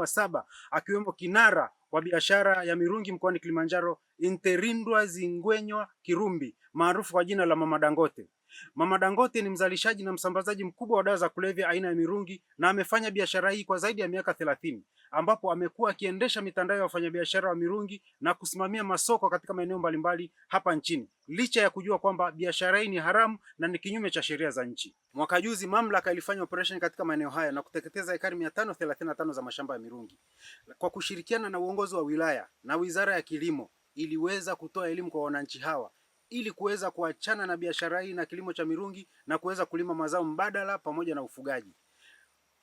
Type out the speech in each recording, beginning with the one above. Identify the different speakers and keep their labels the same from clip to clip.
Speaker 1: wa saba akiwemo kinara wa biashara ya mirungi mkoani Kilimanjaro, Interindwa Zingwenywa Kirumbi, maarufu kwa jina la Mama Dangote. Mama Dangote ni mzalishaji na msambazaji mkubwa wa dawa za kulevya aina ya mirungi na amefanya biashara hii kwa zaidi ya miaka thelathini ambapo amekuwa akiendesha mitandao ya wafanyabiashara wa mirungi na kusimamia masoko katika maeneo mbalimbali hapa nchini, licha ya kujua kwamba biashara hii ni haramu na ni kinyume cha sheria za nchi. Mwaka juzi mamlaka ilifanya operesheni katika maeneo haya na kuteketeza ekari 535 za mashamba ya mirungi kwa kushirikiana na uongozi wa wilaya na Wizara ya Kilimo iliweza kutoa elimu kwa wananchi hawa ili kuweza kuachana na biashara hii na kilimo cha mirungi na kuweza kulima mazao mbadala pamoja na ufugaji.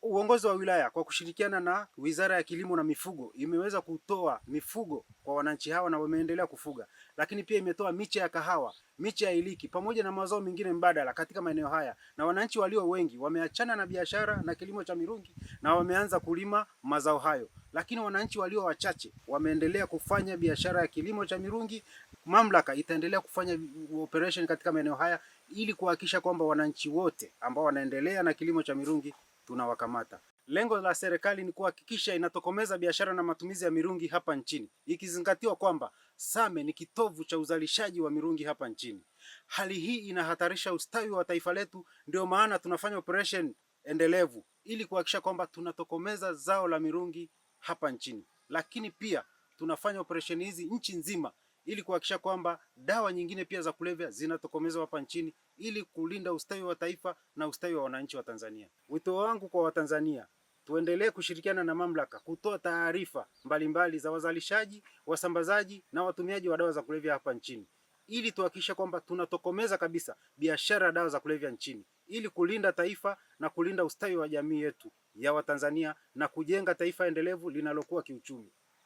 Speaker 1: Uongozi wa wilaya kwa kushirikiana na Wizara ya Kilimo na Mifugo imeweza kutoa mifugo kwa wananchi hawa na wameendelea kufuga, lakini pia imetoa miche ya kahawa, miche ya iliki pamoja na mazao mengine mbadala katika maeneo haya, na wananchi walio wengi wameachana na biashara na kilimo cha mirungi na wameanza kulima mazao hayo, lakini wananchi walio wachache wameendelea kufanya biashara ya kilimo cha mirungi. Mamlaka itaendelea kufanya operation katika maeneo haya ili kuhakikisha kwamba wananchi wote ambao wanaendelea na kilimo cha mirungi tunawakamata. Lengo la serikali ni kuhakikisha inatokomeza biashara na matumizi ya mirungi hapa nchini, ikizingatiwa kwamba Same ni kitovu cha uzalishaji wa mirungi hapa nchini. Hali hii inahatarisha ustawi wa taifa letu, ndio maana tunafanya operation endelevu ili kuhakikisha kwamba tunatokomeza zao la mirungi hapa nchini, lakini pia tunafanya operesheni hizi nchi nzima ili kuhakikisha kwamba dawa nyingine pia za kulevya zinatokomezwa hapa nchini ili kulinda ustawi wa taifa na ustawi wa wananchi wa Tanzania. Wito wangu kwa Watanzania, tuendelee kushirikiana na mamlaka kutoa taarifa mbalimbali za wazalishaji, wasambazaji na watumiaji wa dawa za kulevya hapa nchini ili tuhakikisha kwamba tunatokomeza kabisa biashara ya dawa za kulevya nchini ili kulinda taifa na kulinda ustawi wa jamii yetu ya Watanzania na kujenga taifa endelevu linalokuwa kiuchumi.